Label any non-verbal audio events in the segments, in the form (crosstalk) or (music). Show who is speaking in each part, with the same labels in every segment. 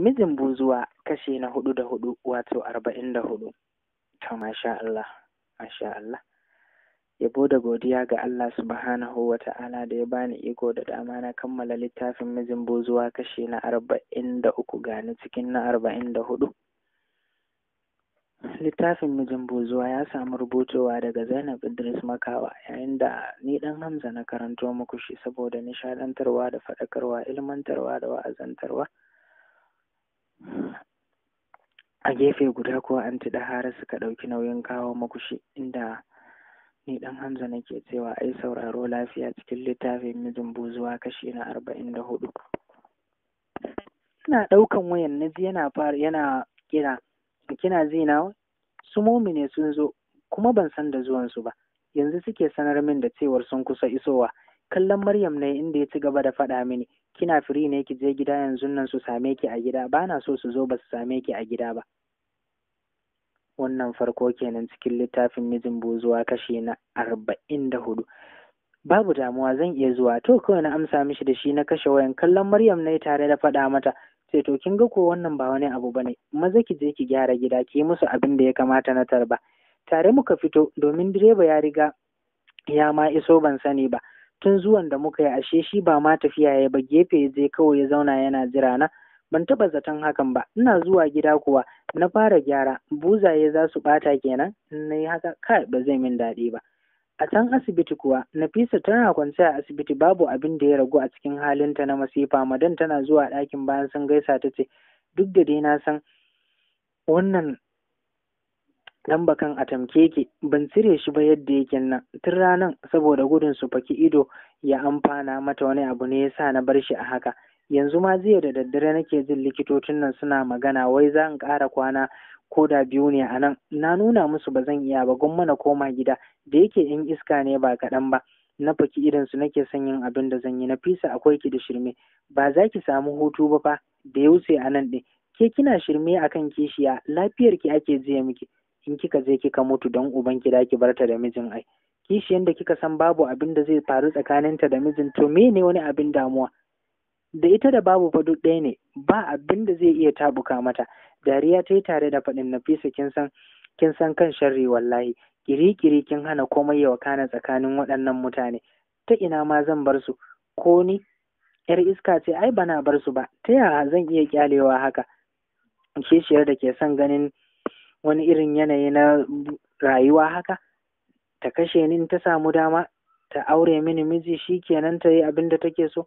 Speaker 1: mijin buzuwa kashi na hudu da hudu wato arba'in da hudu to masha Allah masha Allah yabo da godiya ga Allah subhanahu wa ta'ala da ya bani iko da dama na kammala littafin mijin buzuwa kashi na arba'in da uku gani cikin na arba'in da hudu littafin mijin buzuwa ya samu rubutowa daga zainab idris makawa yayin da ni dan hamza na karanto muku shi saboda nishadantarwa da faɗakarwa ilmantarwa da wa'azantarwa a gefe guda ko kuwa da har suka ɗauki nauyin kawo makushi inda ni Dan hamza nake cewa ai sauraro lafiya cikin littafin mijin buzuwa kashi na arba'in da hudu ina ɗaukan wayan na ji yana fara yana kira kina ji su momi ne sun zo kuma ban san da zuwansu ba yanzu suke sanar min da cewar sun kusa isowa kallon Maryam ne inda ya ci gaba da faɗa mini kina firi ne ki je gida yanzu nan su same ki a gida ba na so su zo ba su same ki a gida ba wannan farko kenan cikin littafin mijin buzuwa kashi na arba'in da hudu babu damuwa zan iya zuwa to kawai na amsa mishi da shi na kashe wayan kallon Maryam ne tare da faɗa mata sai to kin ga ko wannan ba wani abu bane maza ki je ki gyara gida ki yi musu abin da ya kamata na tarba tare muka fito domin direba ya riga ya ma iso ban sani ba tun zuwan da muka yi ashe shi ba ma tafiya ya ba gefe zai kawai ya zauna yana jira na ban taba zaton hakan ba ina zuwa gida kuwa na fara gyara buzaye za su bata kenan na yi haka kai ba zai min daɗi ba a can asibiti kuwa nafisa tana kwance a asibiti babu abin da ya ragu a cikin halinta na masifa madan tana zuwa ɗakin bayan sun gaisa ta ce duk da dai na san wannan ɗan bakan a tamke ban cire shi ba yadda yake nan tun ranan saboda gudun su faki ido ya amfana mata wani abu ne yasa na bar shi a haka yanzu ma jiya da daddare nake jin likitocin nan suna magana wai za in ƙara kwana ko da biyu ne a nan na nuna musu ba zan iya ba gun mana koma gida da yake in iska ne ba kaɗan ba na faki irin su nake son yin abin da zan yi na fisa akwai ki da shirme ba za ki samu hutu ba fa da ya wuce a nan ɗin ke kina shirme akan kishiya lafiyar ki ake jiya miki in kika je kika mutu don uban ki da ki barta da mijin ai kishi da kika san babu abin da zai faru tsakanin ta da mijin to me ne wani abin damuwa da ita da babu fa duk ɗaya ne ba abin da zai iya tabuka mata dariya ta yi tare da faɗin nafisa kin san kin san kan sharri wallahi kirikiri kin hana komai ya wakana tsakanin waɗannan mutane ta ina ma zan bar su ko ni yar iska ce ai bana bar su ba ta yaya zan iya kyalewa haka kishiyar da ke son ganin wani irin yanayi na rayuwa haka ta kashe ni in ta samu dama ta aure mini miji shi kenan ta yi abin da take so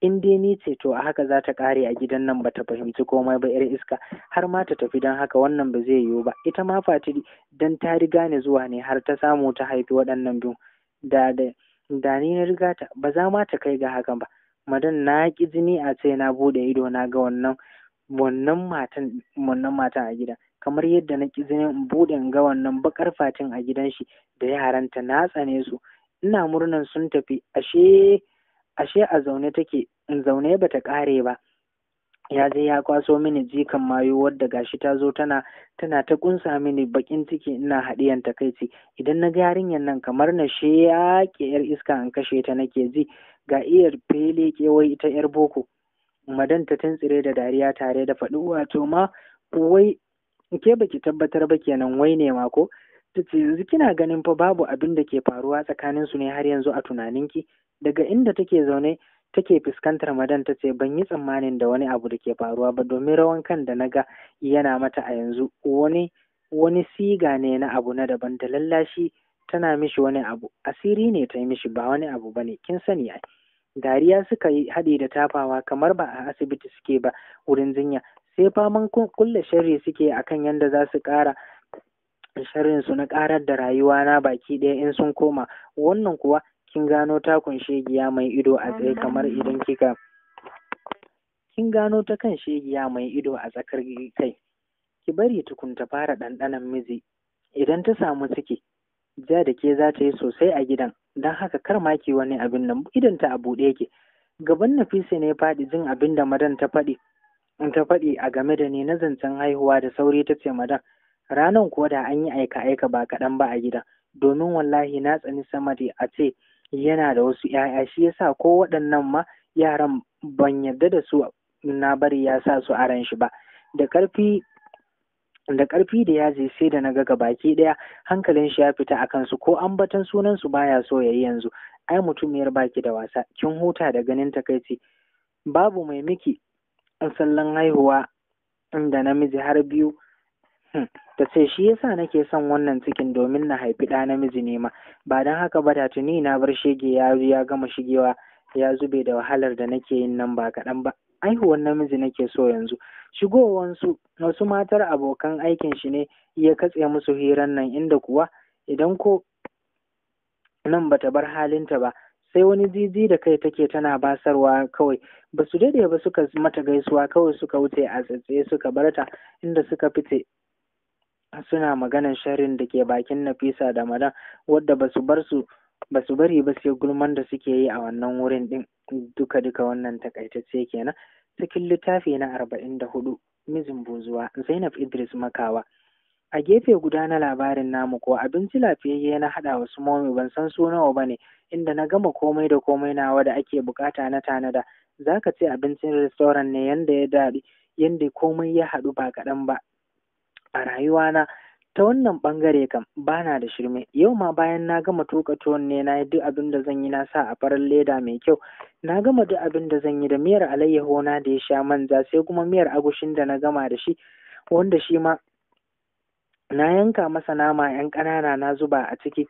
Speaker 1: in dai ni ce to a haka za ta ƙare a gidan nan ba ta fahimci komai ba 'yar iska har ma ta tafi don haka wannan ba zai yiwu ba ita ma fatiri don ta riga ni zuwa ne har ta samu ta haifi waɗannan biyu da ni na riga ta ba za ma ta kai ga hakan ba madan na ƙi jini a ce na buɗe ido na ga wannan matan wannan matan a gida kamar yadda na ƙi in buɗe in ga wannan baƙar fatin a gidan shi da yaranta na tsane su ina murnan sun tafi ashe ashe a zaune take in zaune bata ƙare ba ya je ya kwaso mini jikan mayu wadda gashi ta zo tana tana ta kunsa mini bakin ciki ina haɗiyan takaici idan na ga yarinyar nan kamar na she ya ke yar iska an kashe ta nake ji ga iyar fele kewai ita yar boko madan ta tsire da dariya tare da faɗi wato ma wai ke baki tabbatar ba kenan wai ne ma ko ta yanzu kina ganin fa babu abin da ke faruwa tsakanin su ne har yanzu a tunaninki daga inda take zaune take fuskantar madan ta ce ban yi tsammanin da wani abu da ke faruwa ba domin rawan kan da na ga yana mata a yanzu wani wani siga ne na abu na daban da lallashi tana mishi wani abu asiri ne ta yi mishi ba wani abu ba ne kin sani ai dariya suka yi haɗi da tafawa kamar ba a asibiti suke ba wurin jinya sai faman kulle shari suke akan yadda za su ƙara sharrin su na ƙarar da rayuwa na baki ɗaya in sun koma wannan kuwa kin gano takun shegiya mai ido a tsaye kamar idan kika kin gano ta kan shegiya mai ido a tsakar kai ki bari tukun ta fara ɗanɗanan miji idan ta samu ciki ja da ke za ta yi sosai a gidan don haka kar ma ki wani abin nan idan ta a buɗe yake gaban nafisa ne faɗi jin abin da madan ta faɗi ta faɗi a game da ni na zancen haihuwa da sauri ta ce madan ranan kuwa da an yi aika aika ba kaɗan ba a gida domin wallahi na tsani sama da a ce yana da wasu 'ya'ya shi yasa ko waɗannan ma yaran ban yarda da su na bari ya sa su a ran shi ba da ƙarfi da ƙarfi da yaji sai da na ga baki ɗaya hankalin shi ya fita a kansu ko batan sunan su baya so yayi yanzu ai mutum mutumiyar baki da wasa kin huta da ganin takaici babu mai miki musallan haihuwa inda namiji har biyu hmm, ta ce shi yasa nake son wannan cikin domin na haifi ɗa namiji ne ma ba don haka ba da tuni na bar shege ya ya gama shigewa ya zube da wahalar da nake yin nan ba kaɗan ba haihuwar namiji nake so yanzu shigowansu wasu matar abokan aikin shi ne ya katse musu hiran nan inda kuwa idan ko nan bata bar halinta ba sai wani jiji da kai take tana basarwa kawai ba su daɗe ba suka mata gaisuwa kawai suka wuce a tsatsaye suka bar ta inda suka fice suna maganan sharin da ke bakin nafisa da madan wadda ba su bar su ba su bari ba sai gulman da suke yi a wannan wurin din duka duka wannan takaitacce kenan cikin littafi na arba'in da hudu mijin buzuwa zainab idris makawa a gefe guda na labarin namu ko abinci lafiyayye na haɗa wa momi ban san su nawa ba ne inda na gama komai da komai nawa da ake bukata na tanada za ka ce abincin restoran ne yanda ya daɗi yanda komai ya haɗu ba kaɗan ba a rayuwana ta wannan ɓangare kam na da shirme yau ma bayan na gama tuka tuwon ne na yi duk abin da zan yi na sa a farar leda mai kyau na gama duk abin da zan yi da miyar alayyaho na da ya sha manja sai kuma miyar agushin da na gama da shi wanda shi ma na yanka masa nama yan ƙanana na zuba a ciki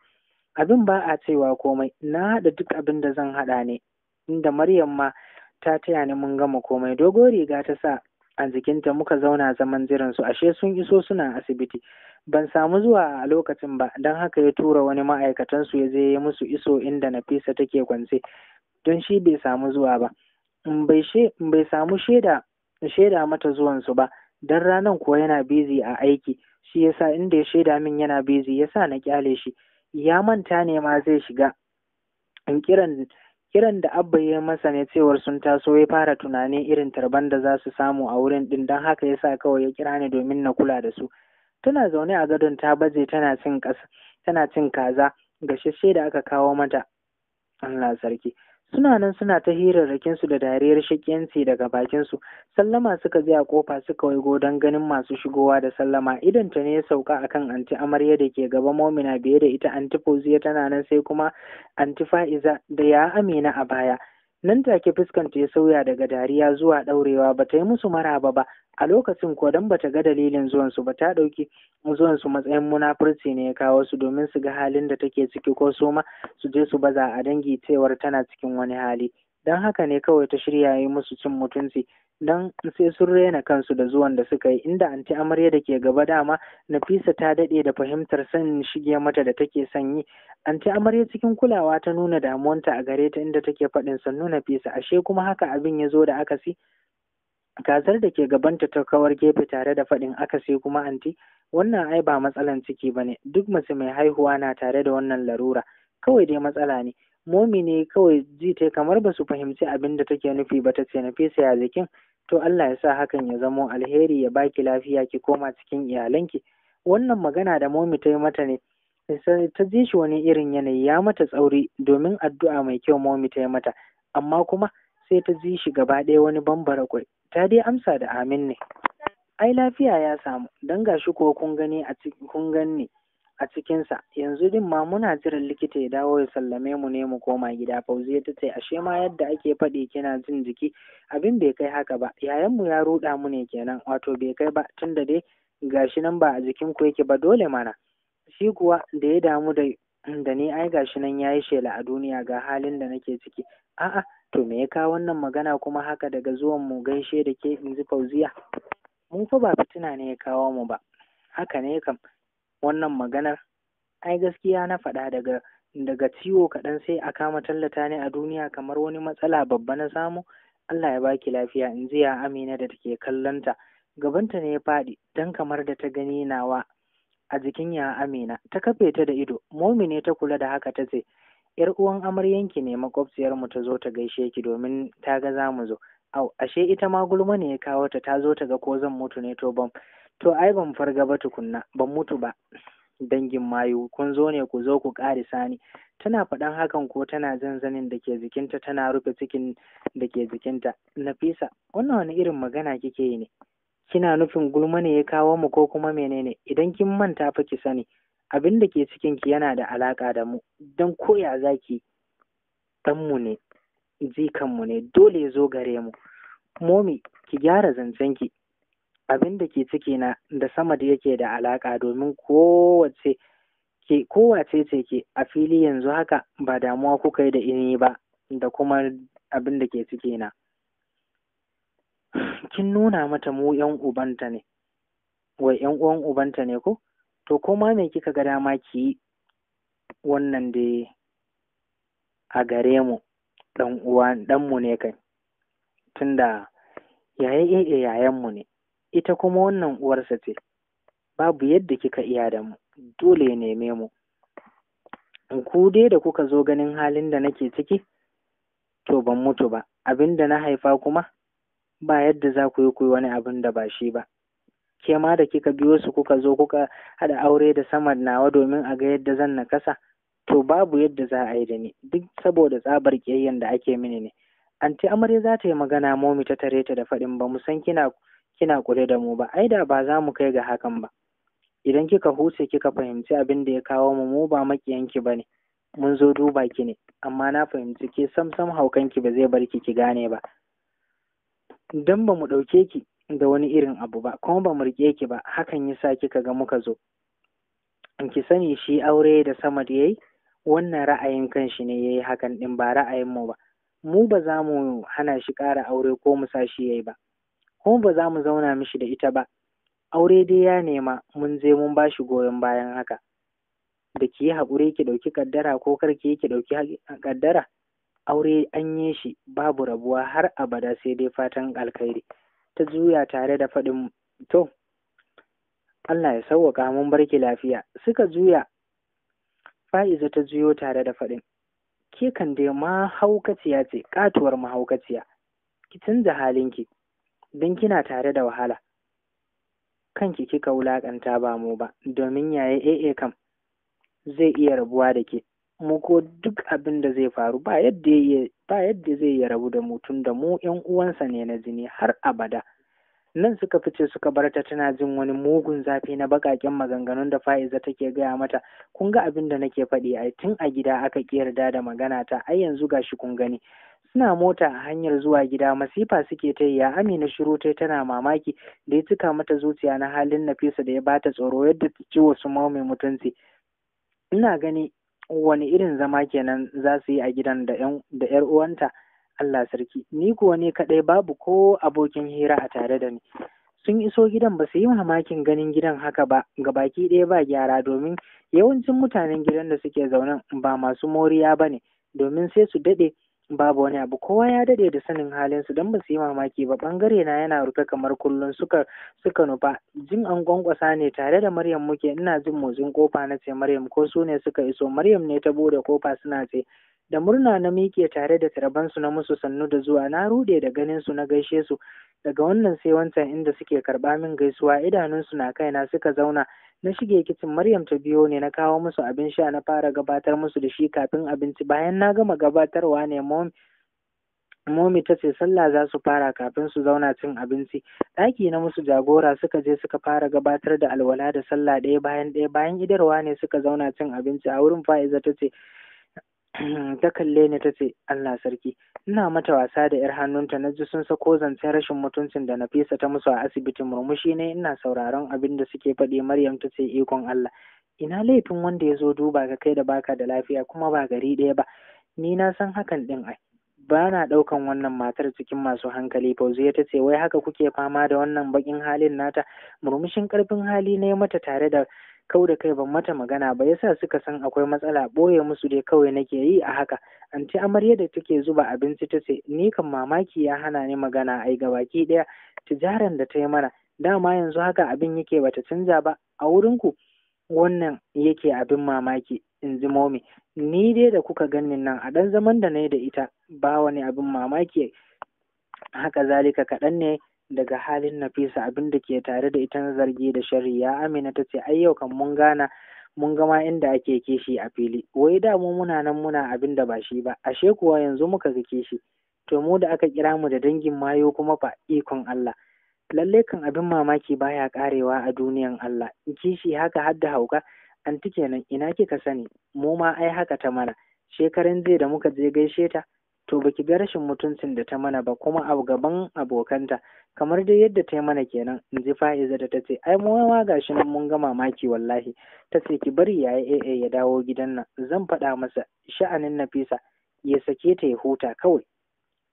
Speaker 1: abin ba a cewa komai na haɗa duk abin da zan haɗa ne inda maryam ma ta taya ni mun gama komai dogo riga ta sa a jikinta muka zauna zaman jiran su ashe sun iso suna asibiti ban samu zuwa a lokacin ba don haka ya tura wani ma'aikatan su ya je ya musu iso inda nafisa take kwance don shi bai samu zuwa ba bai samu shaida mata zuwan su ba dan ranan kuwa yana busy a aiki shi yasa inda ya shaida min yana busy yasa na kyale shi ya manta ne ma zai shiga in kiran kiran da abba ya masa ne cewar sun taso ya fara tunanin irin tarban da za su samu a wurin din dan haka yasa kawai ya kira ni domin na kula da su tana zaune a gadon ta baje tana cin tana cin kaza gashashe da aka kawo mata Allah sarki suna nan suna ta hirarrakin su da dariyar shakiyanci daga bakin su sallama suka je a kofa suka waigo don ganin masu shigowa da sallama idan ta ne ya sauka akan anti amarya da ke gaba momina biye da ita anti fauziya tana nan sai kuma anti fa'iza da ya amina a baya nan take fuskanta ya sauya daga dariya zuwa daurewa ba ta yi musu maraba ba a lokacin ko dan bata ga dalilin zuwan su ba ta ɗauki zuwan su matsayin munafurci ne ya kawo su domin su ga halin da take ciki ko su ma su je su baza a dangi cewar tana cikin wani hali dan haka ne kawai ta shirya yi musu cin mutunci dan sai sun rena kansu da zuwan da suka yi inda anti amarya da ke gaba dama nafisa ta daɗe da fahimtar sanin shige mata da take sanyi anti amarya cikin kulawa ta nuna damuwanta a gare ta inda take faɗin sannu nafisa ashe kuma haka abin ya zo da akasi Gasar da ke gabanta ta kawar gefe tare da faɗin akasi kuma anti, wannan ai ba matsalan ciki ba ne, duk mace mai haihuwa na tare da wannan larura, kawai dai matsala ne. Momi ne kawai ji ta kamar ba su fahimci abin da take nufi ba ta ce Nafisa ya jikin, to Allah ya sa hakan ya zamo alheri ya baki lafiya ki koma cikin iyalanki. Wannan magana da Momi ta yi mata ne, ta ji shi wani irin yanayi ya mata tsauri domin addu'a mai kyau Momi ta yi mata, amma kuma sai ta ji shi gaba ɗaya wani bambara kwai ta dai amsa da amin ne ai lafiya ya samu dan gashi kuwa kun gani a kun ganni a cikinsa yanzu din ma muna jiran likita ya dawo ya sallame mu ne mu koma gida fauziya ta ce ashe ma yadda ake faɗi kina jin jiki abin bai kai haka ba yayan mu ya ruɗa mu ne kenan wato bai kai ba tunda dai gashi nan ba a jikin ku yake ba dole mana shi kuwa da ya damu da ni ai gashi nan yayi shela a duniya ga halin da nake ciki a'a To me ya kawo wannan magana kuma haka daga zuwan mu gaishe da ke in ji Fauziya? Mu fa ba fitina ne ya kawo mu ba. Haka ne kam wannan maganar ai gaskiya na faɗa daga daga ciwo kaɗan sai a kama tallata ne a duniya kamar wani matsala babba na samu Allah ya baki lafiya in ji ya Amina da take kallonta gabanta ne ya faɗi dan kamar da ta gani nawa a jikin ya Amina ta kafe ta da ido ne ta kula da haka ta ce 'yar uwan amaryanki ne makwabciyarmu ta zo ta gaishe ki domin ta ga za mu zo au ashe ita ma gulma ne ya kawo ta ta zo ta ga ko zan mutu ne to ban to ai ban farga ba tukunna ban mutu ba dangin mayu kun zo ne ku zo ku kare Sani. tana faɗan hakan ko tana zanzanin da ke jikinta tana rufe cikin da ke jikinta nafisa wannan wani irin magana kike yi ne kina nufin gulma ne ya kawo mu ko kuma menene idan kin manta fa ki sani abin da ke cikinki yana da alaƙa da mu don koya za zaki ɗanmu ne jikanmu ne dole ya zo gare mu momi ki gyara zancenki abin da ke cikina da sama da yake da alaƙa domin kowace ke kowace ce ke a fili yanzu haka ba damuwa kuka yi da ini ba da kuma abin da ke cikina kin nuna mata mu yan ubanta ne wai yan uwan ubanta ne ko to kuma me kika ga dama ki yi wannan dai a gare mu ɗan uwa mu ne kai tunda yaye e eh, eh, mu ne ita kuma wannan uwarsa ce babu yadda kika iya da mu dole ya neme mu ku dai da kuka zo ganin halin da nake ciki to ban mutu ba abin da na haifa kuma ba yadda za ku yi ku yi wani abin da ba shi ba ke ma da kika biyo su kuka zo kuka haɗa aure da saman nawa domin a ga yadda zan na nakasa to babu yadda za a yi da ni duk saboda tsabar ƙiyayyen da ake mini ne anti amarya za ta yi magana momi ta tare ta da faɗin ba mu san kina kina kule da mu ba ai da ba za mu kai ga hakan ba idan kika huce kika fahimci abin da ya kawo mu mu ba makiyanki ba ne mun zo duba ki ne amma na fahimci ke sam sam haukanki ba zai bar ki ki gane ba dan ba mu ɗauke ki da wani irin abu ba kuma ba mu rike ki ba hakan yasa kika ga muka zo ki sani shi aure da sama da yayi wannan ra'ayin kan shi ne yayi hakan din ba ra'ayin mu ba mu ba za mu hana shi ƙara aure ko mu sa shi yayi ba ko ba za mu zauna mishi da ita ba aure dai ya nema mun je mun ba shi goyon bayan haka da ki yi haƙuri ki ɗauki ƙaddara ko kar ki yi ki ɗauki ƙaddara aure an yi shi babu rabuwa har abada sai dai fatan alkhairi ta juya tare da faɗin to Allah ya sauwaka mun barki lafiya suka juya fa'iza ta juyo tare da faɗin ke kan dai mahaukaciya ce katuwar mahaukaciya ki canza halinki don kina tare da wahala kanki kika wulaƙanta ba mu ba domin yaya AA kam zai iya rabuwa da ke mu ko duk abin da zai faru ba yadda zai yi rabu da mu tun da mu ‘yan uwansa ne na jini har abada. Nan suka fice suka bar ta tana jin wani mugun zafi na baƙaƙen maganganun da fa'iza take gaya mata, kun ga abin da nake faɗi ai tun a gida aka ƙi yarda da magana ta ai yanzu gashi kun gani. Suna mota a hanyar zuwa gida masifa suke ta ya Amina shiru ta tana mamaki da ya cika mata zuciya na halin Nafisa da ya bata tsoro yadda ta ci wasu mai mutunci. Ina gani wani irin zama kenan za su yi a gidan da ‘yar uwanta Allah sarki ni kuwa ne kaɗai babu ko abokin hira a tare da ni sun iso gidan ba su yi mamakin ganin gidan haka ba ga baki ɗaya ba gyara domin yawancin mutanen gidan da suke zaunen ba masu moriya ba ne domin sai su daɗe babu wani abu kowa ya dade da sanin halinsu don ba su yi mamaki ba Bangare na yana rufe kamar kullum suka suka nufa jin an gwangwasa ne tare da maryam muke ina jin motsin kofa na ce maryam ko su ne suka iso maryam ne ta bude kofa suna ce da murna na miƙe tare da tarabansu na musu sannu da zuwa na rude da ganin su na gaishe su daga wannan sai wancan inda suke karɓa min gaisuwa idanunsu na kaina suka zauna na shige kicin maryam ta biyo ne na kawo musu abin sha na fara gabatar musu da shi kafin abinci bayan na gama gabatarwa ne momi ta ce sallah za su fara kafin su zauna cin abinci ɗaki na musu jagora suka je suka fara gabatar da alwala da sallah ɗaya bayan ɗaya bayan idarwa ne suka zauna cin abinci a wurin fa'iza ta ce (clears throat) ta kalle ni ta ce Allah sarki ina mata wasa da yar hannunta na ji sun sako zancen rashin mutuncin da Nafisa ta musu a asibitin murmushi ne ina sauraron abin da suke faɗi Maryam ta ce ikon Allah ina laifin wanda ya zo duba ka kai da baka da lafiya kuma ba gari ɗaya ba ni na san hakan ɗin ai ba na ɗaukan wannan matar cikin masu hankali fauziya ta ce wai haka kuke fama da wannan baƙin halin nata murmushin ƙarfin hali ne mata tare da kau da kai ban mata magana ba yasa suka san akwai matsala boye musu dai kawai nake yi a haka anti amarya da take zuba abinci ta ce ni kan mamaki ya hana ni magana ai ga baki ɗaya tijaran da ta yi mana dama yanzu haka abin yake bata canza ba a wurin ku. wannan yake abin mamaki in ji momi ni dai da kuka ganin nan a dan zaman da na yi da ita ba wani abin mamaki haka zalika kaɗan ne daga halin Nafisa abin da ke tare da ita na zargi da sharri ya Amina ta ce ai yau kan mun gana mun gama inda ake kishi a fili wai da mu muna nan muna abin da ba shi ba ashe kuwa yanzu muka ga kishi to mu da aka kira mu da dangin mayo kuma fa ikon Allah lalle kan abin mamaki baya karewa a duniyan Allah kishi haka har da hauka anti kenan ina kika sani mu ma ai haka ta mana shekaran zai da muka je gaishe ta to baki ga rashin mutuncin da ta mana ba kuma a gaban abokanta kamar dai yadda ta yi mana kenan in ji fa'iza da ta ce ai mu ma gashi nan mun ga mamaki wallahi ta ce ki bari yayi AA ya dawo gidan nan zan faɗa masa sha'anin Nafisa ya sake ta ya huta kawai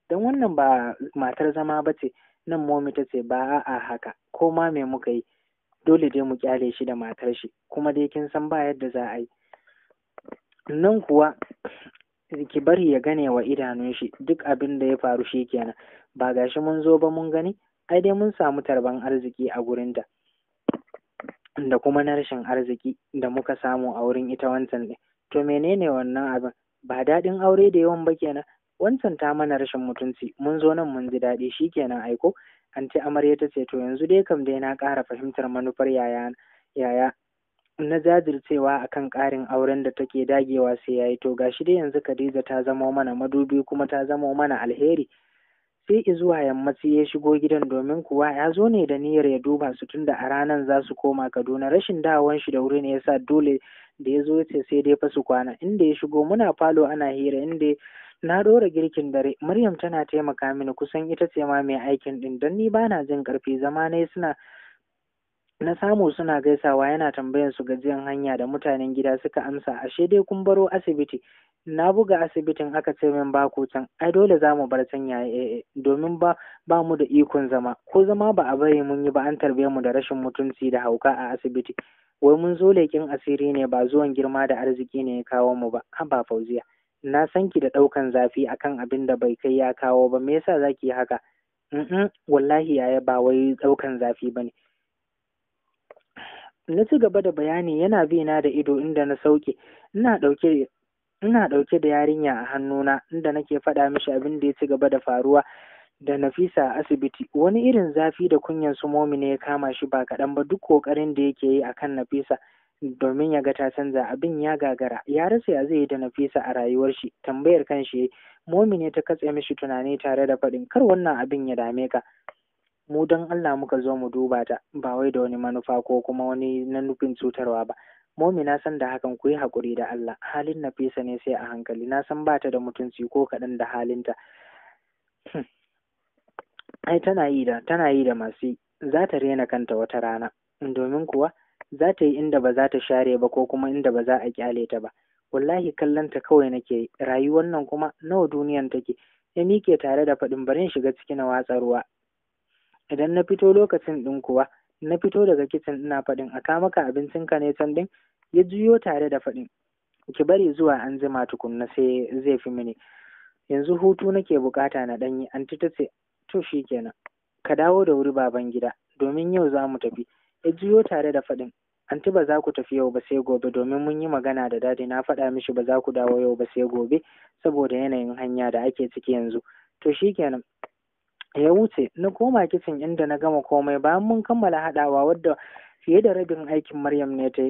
Speaker 1: dan wannan ba matar zama ba ce nan momi ta ce ba a'a haka ko ma me muka yi dole dai mu kyale shi da matar shi kuma dai kin san ba yadda za a yi nan kuwa ki bari ya gane wa idanun shi duk abin da ya faru shi kenan ba gashi mun zo ba mun gani ai dai mun samu tarban arziki a gurinta da kuma na rashin arziki da muka samu a wurin ita wancan ɗin to menene wannan abin ba daɗin aure da yawan ba kenan wancan ta mana rashin mutunci mun zo nan mun ji daɗi shi kenan aiko Anti ce amarya ta ce to yanzu dai kam dai na ƙara fahimtar manufar yaya yaya na jajircewa a kan ƙarin auren da take dagewa sai yayi to Shi dai yanzu Khadija ta zama mana madubi kuma ta zamo mana alheri sai zuwa yammaci ya shigo gidan domin kuwa ya zo ne da niyyar ya duba su tun da a ranar za su koma Kaduna rashin dawon shi da wuri ne yasa dole da ya zo ce sai dai fa su kwana inda ya shigo muna falo ana hira inda na ɗora girkin dare Maryam tana taimaka mini kusan ita ce ma mai aikin din. don ni bana jin ƙarfi zama ne suna na samu suna gaisawa yana tambayan su gajiyan hanya da mutanen gida suka amsa ashe dai kun baro asibiti na buga asibitin aka ce min ba can ai dole za mu bar can e domin ba ba mu da ikon zama ko zama ba a bari mun yi ba an tarbe mu da rashin mutunci da hauka a asibiti wai mun zo leƙin asiri ne ba zuwan girma da arziki ne ya kawo mu ba haba fauziya na san ki da ɗaukan zafi akan abin da bai kai ya kawo ba me yasa zaki haka mm wallahi yaya ba wai ɗaukan zafi ba ne. na ci gaba da bayani yana bina da ido inda na sauke ina ɗauke da yarinya a hannuna inda nake faɗa mishi abin da ya ci gaba da faruwa da Nafisa a asibiti wani irin zafi da kunyan su momi ne ya kama shi ba kaɗan ba duk ƙoƙarin da yake yi akan Nafisa domin ya ga ta canza abin ya gagara ya rasa ya zai yi da Nafisa a rayuwar shi tambayar kan shi momi ne ta katse mishi tunani tare da faɗin kar wannan abin ya dame ka mu don Allah muka zo mu duba ta ba wai da wani manufa ko kuma wani na nufin cutarwa ba momi na san da hakan ku yi haƙuri da Allah halin na fesa ne sai a hankali na san ba ta da mutunci ko kaɗan da halinta hmm. ai tana yi da tana yi da masu za ta rena kanta wata rana domin kuwa za ta yi inda ba za ta share ba ko kuma inda ba za a kyale ta ba wallahi kallon ta kawai nake rayuwar nan kuma nawa duniyan take ya mike tare da faɗin barin shiga cikin watsa ruwa Idan na fito lokacin ɗin kuwa, na fito daga kicin ina faɗin a ka maka abincinka ne can ɗin? Ya juyo tare da faɗin, ki bari zuwa an jima tukunna sai zai fi mini. Yanzu hutu nake bukata na ɗanyi, anti ta ce, to shi kenan. Ka dawo da wuri baban gida, domin yau za mu tafi. Ya juyo tare da faɗin, anti ba za ku tafi yau ba sai gobe domin mun yi magana da dadi na faɗa mishi ba za ku dawo yau ba sai gobe saboda yanayin hanya da ake ciki yanzu. To shi kenan, ya wuce na koma kicin inda na gama komai bayan mun kammala haɗawa wadda fiye da rabin aikin Maryam ne ta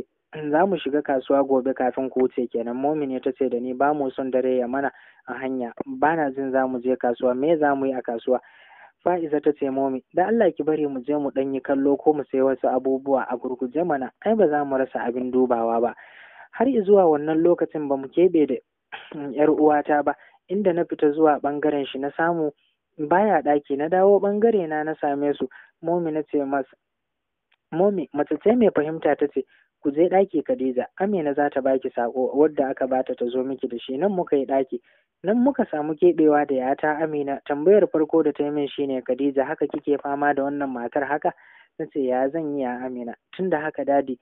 Speaker 1: za mu shiga kasuwa gobe kafin ku wuce kenan Momi ne ta ce da ni ba mu son dare ya mana a hanya ba na jin za mu je kasuwa me za mu yi a kasuwa fa'iza ta ce momi da Allah ki bari mu je mu ɗan yi kallo ko mu sayi wasu abubuwa a gurguje mana ai ba za mu rasa abin dubawa ba har zuwa wannan lokacin ba mu keɓe da yar (clears throat) uwata ba inda na fita zuwa ɓangaren shi na samu baya ɗaki na dawo ɓangare na na same su momi na ce masa momi mace ce mai fahimta ta ce ku je ɗaki Khadija Amina za ta baki sako wadda aka bata ta zo miki da shi nan muka yi ɗaki nan muka samu keɓewa da yata Amina tambayar farko da ta yi min shine Khadija haka kike fama da wannan matar haka nace ya zan yi ya Amina tunda haka dadi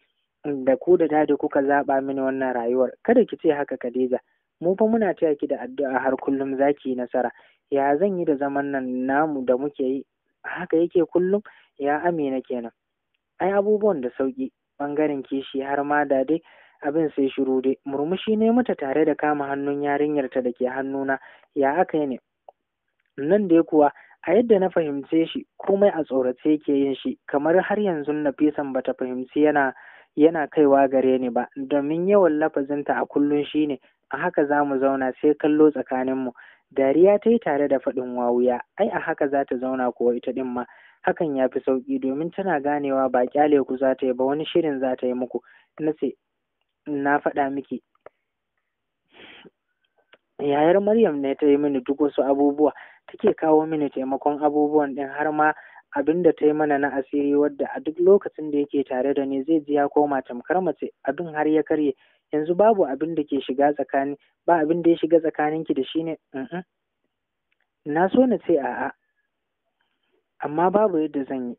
Speaker 1: da ku da dadi kuka zaɓa mini wannan rayuwar kada ki ce haka Khadija mu fa muna ta ki da addu'a har kullum za ki yi nasara ya zan yi da zaman nan namu da muke yi haka yake kullum ya amina kenan ai abubuwan da sauki bangaren kishi har ma da dai abin sai shiru dai murmushi ne mata tare da kama hannun yarinyar ta da ke hannuna ya aka yi ne nan dai kuwa a yadda na fahimce shi komai a tsorace yake yin shi kamar har yanzu nafisan bata fahimci yana yana kaiwa gare ni ba domin yawan lafazinta a kullum shine a haka za mu zauna sai kallo tsakaninmu dariya ta yi tare da faɗin wawuya ai a haka za ta zauna kuwa ita ɗin ma hakan ya fi sauƙi domin tana ganewa ba ƙyale ku za ta yi ba wani shirin za ta yi muku na ce na faɗa miki yayar maryam ne ta yi mini duk wasu abubuwa take kawo mini taimakon abubuwan ɗin har ma abin da ta yi mana na asiri wadda a duk lokacin da yake tare da ni zai ji ya koma tamkar mace abin har ya karye yanzu babu abin da ke shiga tsakani ba abin da ya shiga tsakaninki da shi ne na so na ce a'a amma babu yadda zan yi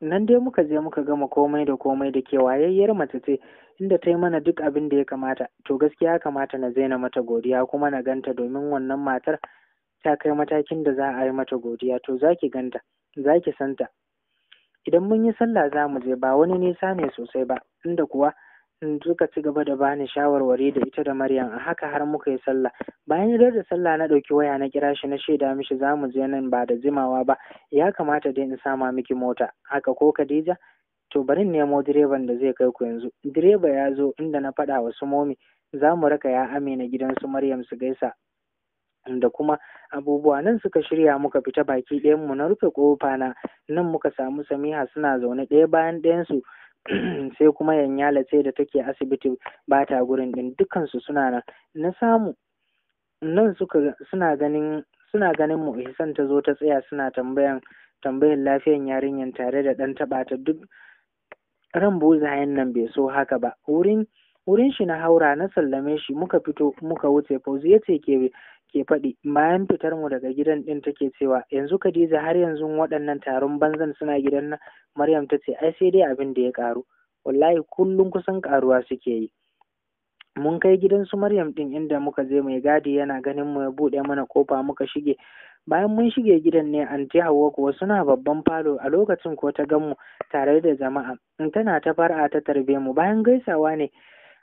Speaker 1: nan dai muka je muka gama komai da komai da kewayayyar mace ce inda ta yi mana duk abin da ya kamata to gaskiya kamata na zaina mata godiya kuma na ganta domin wannan matar ta kai matakin da za a yi mata godiya to za ki ganta za ki santa idan mun yi sallah za mu je ba wani nisa ne sosai ba inda kuwa suka ci gaba da bani shawarwari da ita da Maryam a haka har muka yi sallah bayan idar da sallah na ɗauki waya na kira shi na shaida mishi za mu je nan ba da jimawa ba ya kamata dai in sama miki mota haka ko Khadija to bari in nemo direban da zai kai ku yanzu direba ya zo inda na faɗa wa su momi za mu raka ya amina gidan su Maryam su gaisa da kuma abubuwa nan suka shirya muka fita baki ɗayan mu na rufe kofa na nan muka samu Samiha suna zaune ɗaya bayan ɗayan su (clears throat) sai kuma yanyala ce da take asibiti ba ta gurin din dukansu suna nan na samu nan suka suna ganin suna ganin mu ihsan ta zo ta tsaya suna tambayan tambayan lafiyan yarinyan tare da dan taba ta duk ran bozayen nan bai so haka ba wurin wurin shi na haura na sallame shi muka fito muka wuce fauzi ya ce ke ke faɗi bayan fitar mu daga gidan ɗin take cewa yanzu Khadija har yanzu waɗannan taron banzan suna gidan nan Maryam ta ce ai sai dai abin da ya ƙaru wallahi kullum kusan ƙaruwa suke yi mun kai gidan su Maryam ɗin inda muka je mai gadi yana ganin mu ya buɗe mana kofa muka shige bayan mun shige gidan ne anti Hauwa kuwa suna babban falo a lokacin ko ta ganmu tare da jama'a In tana ta fara ta tarbe mu bayan gaisawa ne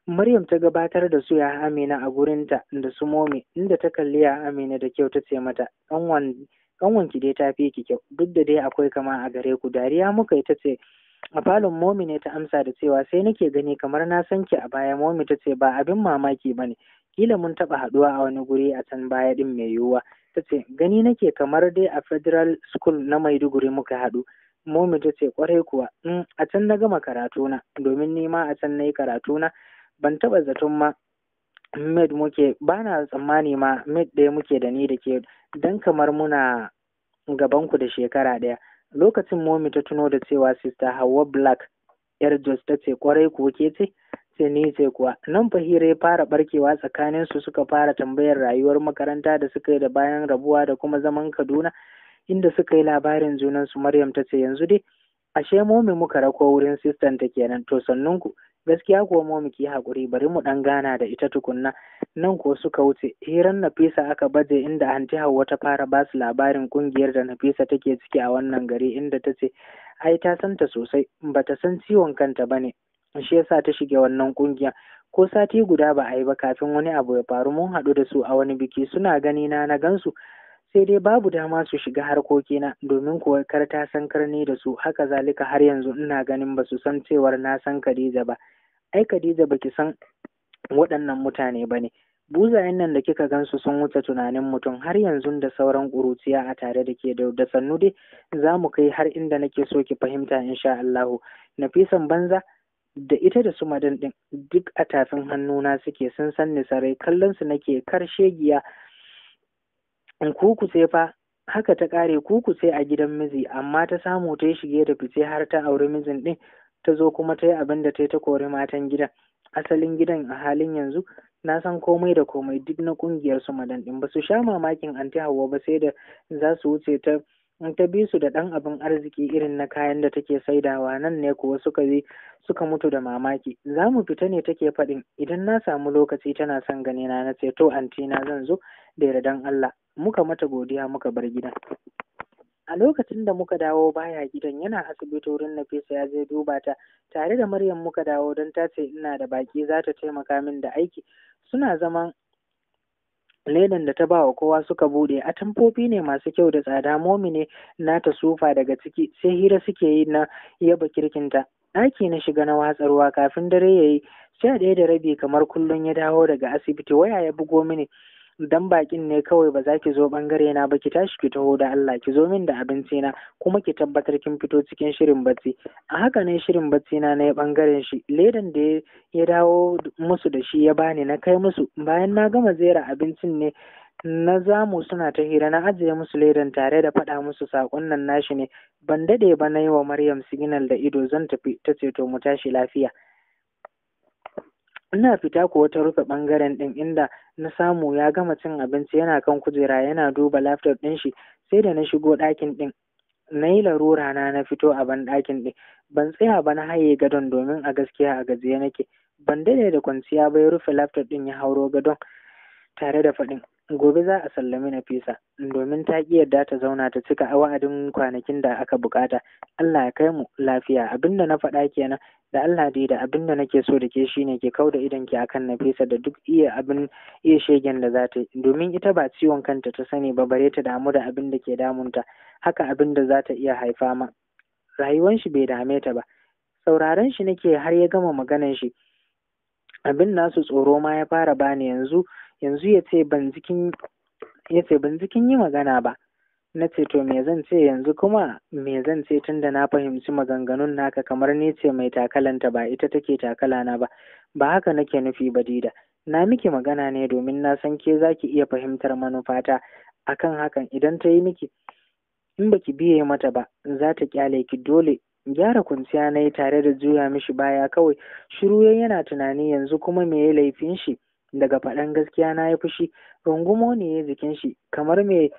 Speaker 1: Maryam ta gabatar da su ya Amina a gurinta da su momi inda ta kalli ya Amina da kyau ta ce mata ƙanwan ki dai ta fi ki kyau duk da dai akwai kama a gare ku dariya muka yi ta ce a falon momi ne ta amsa da cewa sai nake gani kamar na san ki a baya momi ta ce ba abin mamaki ba ne kila mun taɓa haɗuwa a wani guri a can baya ɗin mai yiwuwa ta ce gani nake kamar dai a federal school na maiduguri muka haɗu momi ta ce kwarai kuwa mm, a can na gama karatuna domin nima a can na yi karatuna ban taɓa zaton ma med muke ba tsammani ma med ɗaya muke da ni da ke dan kamar muna gaban ku da shekara ɗaya lokacin momi ta tuno da cewa sista hawa black yar jos ta ce kwarai ko ke ce sai ni ce kuwa nan fahira ya fara barkewa tsakanin su suka fara tambayar rayuwar makaranta da suka yi da bayan rabuwa da kuma zaman kaduna inda suka yi labarin junan maryam ta ce yanzu dai ashe momi muka rako wurin sistan ta kenan to ku gaskiya kuwa mu muke haƙuri bari mu ɗan gana da ita tukunna nan ko suka wuce hiran nafisa aka baje inda anti hauwa ta fara ba su labarin ƙungiyar da nafisa take ciki a wannan gari inda ta ce ai ta san ta sosai ba ta san ciwon kanta ba ne shi yasa ta shige wannan ƙungiya. ko sati guda ba a yi ba kafin wani abu ya faru mun haɗu da su a wani biki suna gani na na gansu sai dai babu dama su shiga harkokina domin kuwa kar ta san karni da su haka zalika har yanzu ina ganin ba su san cewar na san Khadija ba ai Khadija baki san waɗannan mutane ba ne buzayen nan da kika gansu sun wuce tunanin mutum har yanzu da sauran ƙuruciya a tare da ke da sannu dai za mu kai har inda nake so ki fahimta insha Allahu nafisan banza da ita da su madan din duk a tafin hannuna suke sun san ni sarai kallon su nake karshe giya kuku sai fa haka ta ƙare kuku sai a gidan miji amma ta samu ta yi shige da fice har ta auri mijin ɗin ta zo kuma ta yi abin da ta yi ta kori matan gidan asalin gidan a halin yanzu na san komai da komai duk na ƙungiyar su madan ɗin ba su sha mamakin anti hawa ba sai da za su wuce ta in ta bi su da ɗan abin arziki irin na kayan da take saidawa nan ne kuwa suka yi suka mutu da mamaki za mu fita ne take faɗin idan na samu lokaci tana son ganina na ce to anti na zan zo da yardan Allah muka mata godiya muka bar gidan a lokacin da muka dawo baya gidan yana asibiti wurin Nafisa ya zai duba ta tare da Maryam muka dawo don ta ce ina da baki za ta taimaka min da aiki suna zaman ledan da ta ba kowa suka bude a tamfofi ne masu kyau da tsada momi ne nata sufa daga ciki sai hira suke yi na yaba kirkinta ɗaki na shiga na watsarwa kafin dare yayi yi sha ɗaya da rabi kamar kullum ya dawo daga asibiti waya ya bugo mini dan bakin ne kawai ba za ki zo bangare na ba ki tashi ki taho da Allah ki zo min da abinci na kuma ki tabbatar kin fito cikin shirin bacci a haka ne shirin bacci na na bangaren shi ledan da ya dawo musu da shi ya bani na kai musu bayan na gama zera abincin ne na zamu suna ta hira na ajiye musu ledan tare da faɗa musu saƙon nan nashi ne ban dade ba na yi wa maryam signal da ido zan tafi ta ceto mu tashi lafiya Ina fita ko wata rufe ɓangaren ɗin inda na samu ya gama cin abinci yana kan kujera yana duba laptop ɗin shi sai da na shigo ɗakin ɗin. Na yi larura na na fito a ban ɗakin ɗin. Ban tsaya ba na haye gadon domin a gaskiya a gajiye nake. Ban daɗe da kwanciya ba ya rufe laptop ɗin ya hauro gadon. tare da faɗin gobe za a sallami Nafisa domin ta ƙi yarda ta zauna ta cika a wa'adin kwanakin da aka bukata. Allah ya kai mu lafiya abinda na faɗa kenan da Allah dai da abinda nake so da ke shine ke da idan ki akan Nafisa da duk iya abin iya shegen da za ta yi domin ita ba ciwon kanta ta sani ba bare ta damu da abin da ke damunta haka abin da za ta iya haifa ma rayuwan shi bai dame ta ba sauraron shi nake har ya gama maganan shi abin nasu tsoro ma ya fara bani yanzu yanzu ya ce ban jikin ya ban jikin yi magana ba na ce to me zan ce yanzu kuma me zan ce tunda na fahimci maganganun naka kamar ni ce mai takalanta ba ita take takala na ba ba haka nake nufi ba dida na miki magana ne domin na san ke zaki iya fahimtar manufata akan hakan idan ta yi miki in baki biye mata ba za ta kyale ki dole gyara kunciya na tare da juya mishi baya kawai shiru yana tunani yanzu kuma me laifin shi daga faɗan gaskiya na ya fushi rungumo ne ya jikin shi kamar me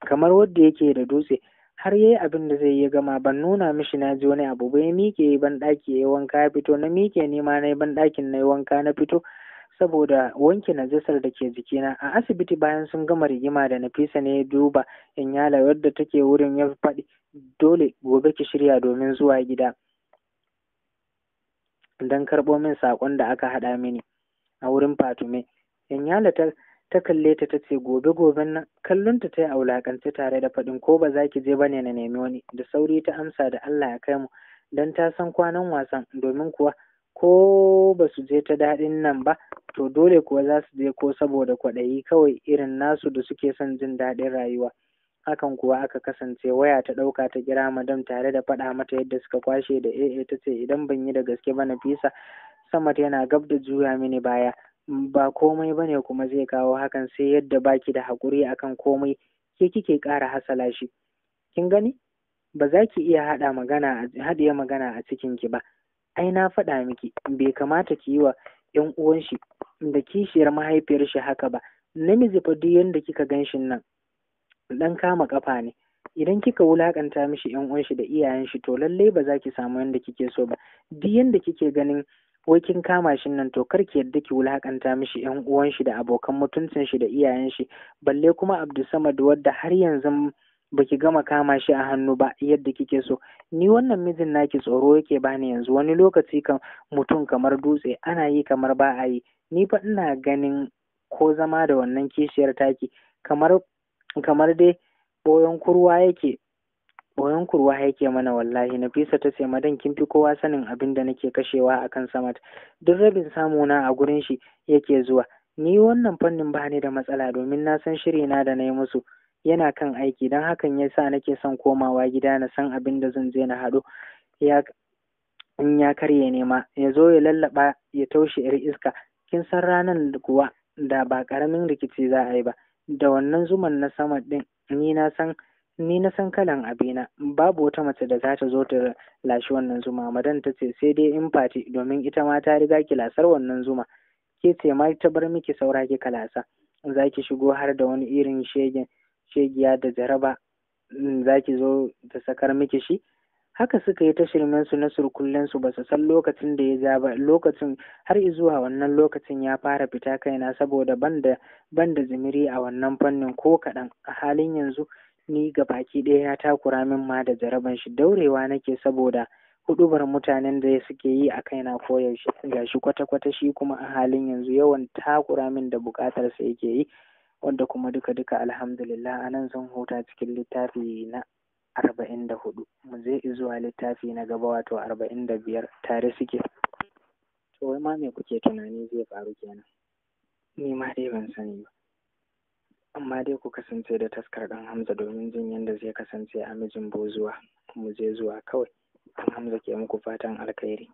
Speaker 1: kamar wadda yake da dutse har yayi abin da zai yi gama ban nuna mishi na ji wani abu ba ya mike ban ɗaki ya yi wanka ya fito na miƙe ni ma na yi ban ɗakin na yi wanka na fito saboda wanke najasar da ke jikina a asibiti bayan sun gama rigima da nafisa ne ya duba in yala wadda take wurin ya faɗi dole gobe ki shirya domin zuwa gida don karɓo min saƙon da aka haɗa mini a wurin Fatume. Yanyala ta ta kalle ta ta ce gobe goben nan kallon ta yi a tare da faɗin ko ba za ki je bane na nemi wani da sauri ta amsa da Allah ya kai mu dan ta san kwanan wasan domin kuwa ko ba su je ta daɗin nan ba to dole kuwa za su je ko saboda kwaɗayi kawai irin nasu da suke son jin daɗin rayuwa hakan kuwa aka kasance waya ta ɗauka ta kira madam tare da faɗa mata yadda suka kwashe da AA ta ce idan ban yi da gaske ba na fisa Samad yana gab da juya mini baya. Ba komai ba ne kuma zai kawo hakan sai yadda baki da haƙuri akan komai ke kike ƙara hasala shi. Kin gani? Ba za ki iya haɗa magana haɗiye magana a cikin ki ba. Ai na faɗa miki bai kamata ki yi wa ƴan uwan shi da kishiyar mahaifiyar shi haka ba. Namiji fa duk yanda kika gan shi nan ɗan kama ƙafa ne. idan kika wulaƙanta mishi yan uwanshi da iyayen shi to lallai ba za ki samu yanda kike so ba duk yanda kike ganin ko kin kama shi nan to kar ki yadda ki wulakanta mishi yan uwan shi da abokan mutuncin shi da iyayen shi balle kuma Abdulsamad wadda har yanzu baki gama kama shi a hannu ba yadda kike so ni wannan mijin naki tsoro yake bani yanzu wani lokaci kan mutum kamar dutse ana yi kamar ba a yi ni fa ina ganin ko zama da wannan kishiyar taki kamar kamar dai boyon kurwa yake koyon kurwa yake mana wallahi nafisa ta ce madan kin fi kowa sanin abin da nake kashewa akan samat duk rabin samu na a gurin shi yake zuwa ni wannan fannin ba ni da matsala domin na san shiri na da na yi musu yana kan aiki don hakan ya sa nake son komawa gida na san abin da zan je na haɗu in ya karye nema ya zo ya lallaɓa ya taushe yar iska kin san ranan kuwa da ba ƙaramin rikici za a yi ba da wannan zuman na sama ɗin ni na san ni na san kalan abina babu wata mace da za ta zo ta lashi wannan zuma madan ta ce sai dai in fati domin ita ma ta riga ki lasar wannan zuma ke ce ma ta bar miki saura ki lasa? za ki shigo har da wani irin shegin shegiya da jaraba mm, za ki zo ta sakar miki shi haka suka yi ta shirmen su na surkullen su basu san lokacin da ya ja ba lokacin har zuwa wannan lokacin ya fara fita kaina saboda banda banda zimiri a wannan fannin ko kaɗan a halin yanzu ni ga baki ɗaya ya takura min ma da jaraban shi daurewa nake saboda hudubar mutanen da suke yi a kaina koyaushe shi kwata-kwata shi kuma a halin yanzu yawan takura min da bukatar sa yake yi wanda kuma duka-duka alhamdulillah a nan zan huta cikin littafi na arba'in da hudu mu je zuwa littafi na gaba wato arba'in da biyar tare suke to wai ma me kuke tunani zai faru kenan ni ma dai ban sani ba amma dai ku kasance da taskar ɗan Hamza domin jin yadda zai kasance a mijin bozuwa mu je zuwa kawai ɗan Hamza ke muku fatan alkhairi